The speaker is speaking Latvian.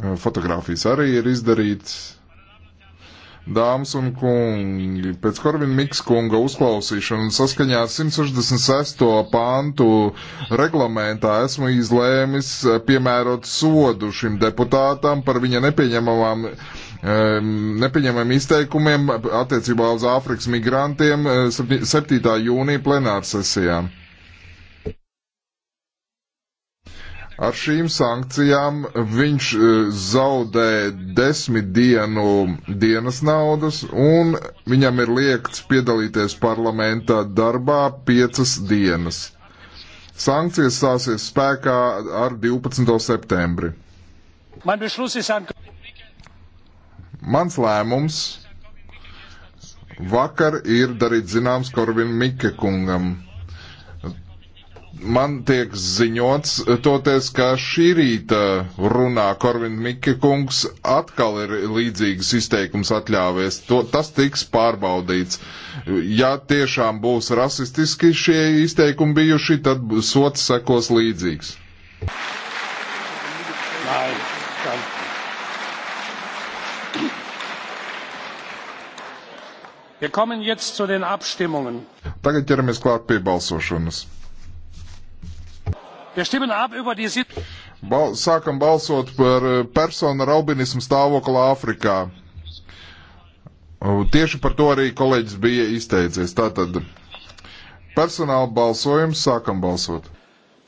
Eh, Fotogrāfijas arī ir izdarīts. Dāmas un kungi, pēc Korvina Mikskunga uzklausīšanu saskaņā ar 166. pāntu reglamentā esmu izlēmis eh, piemērot sodu šim deputātam par viņa nepieņemamām eh, nepieņemamiem izteikumiem attiecībā uz Āfrikas migrantiem 7. jūnija plenārsesijā. Ar šīm sankcijām viņš e, zaudē desmit dienu dienas naudas, un viņam ir liekts piedalīties parlamentā darbā piecas dienas. Sankcijas stāsies spēkā ar 12. septembri. Mans lēmums vakar ir darīt zināms Korvin Mikke kungam man tiek ziņots, toties, ka šī rīta runā Korvin Mikke kungs atkal ir līdzīgas izteikums atļāvies. To, tas tiks pārbaudīts. Ja tiešām būs rasistiski šie izteikumi bijuši, tad sots sekos līdzīgs. Nein, danke. Wir kommen jetzt zu den Abstimmungen. Tagad ķeramies klāt pie balsošanas. Bal sākam balsot par eh, personu ar albinismu stāvokli Āfrikā. Tieši par to arī kolēģis bija izteicies. Tātad personāla balsojums sākam balsot.